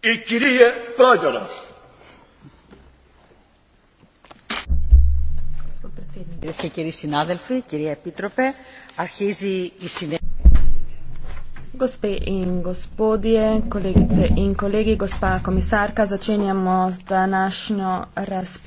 И Кирия Прадеров. Κυρίε και κύριοι συνάδελφοι, κυρία Επίτροπε, αρχίζει η συνέντευξη. Gospe in gospodje, kolegice in kolegi, gospa komisarka, začenjamo z današnjo razpravo.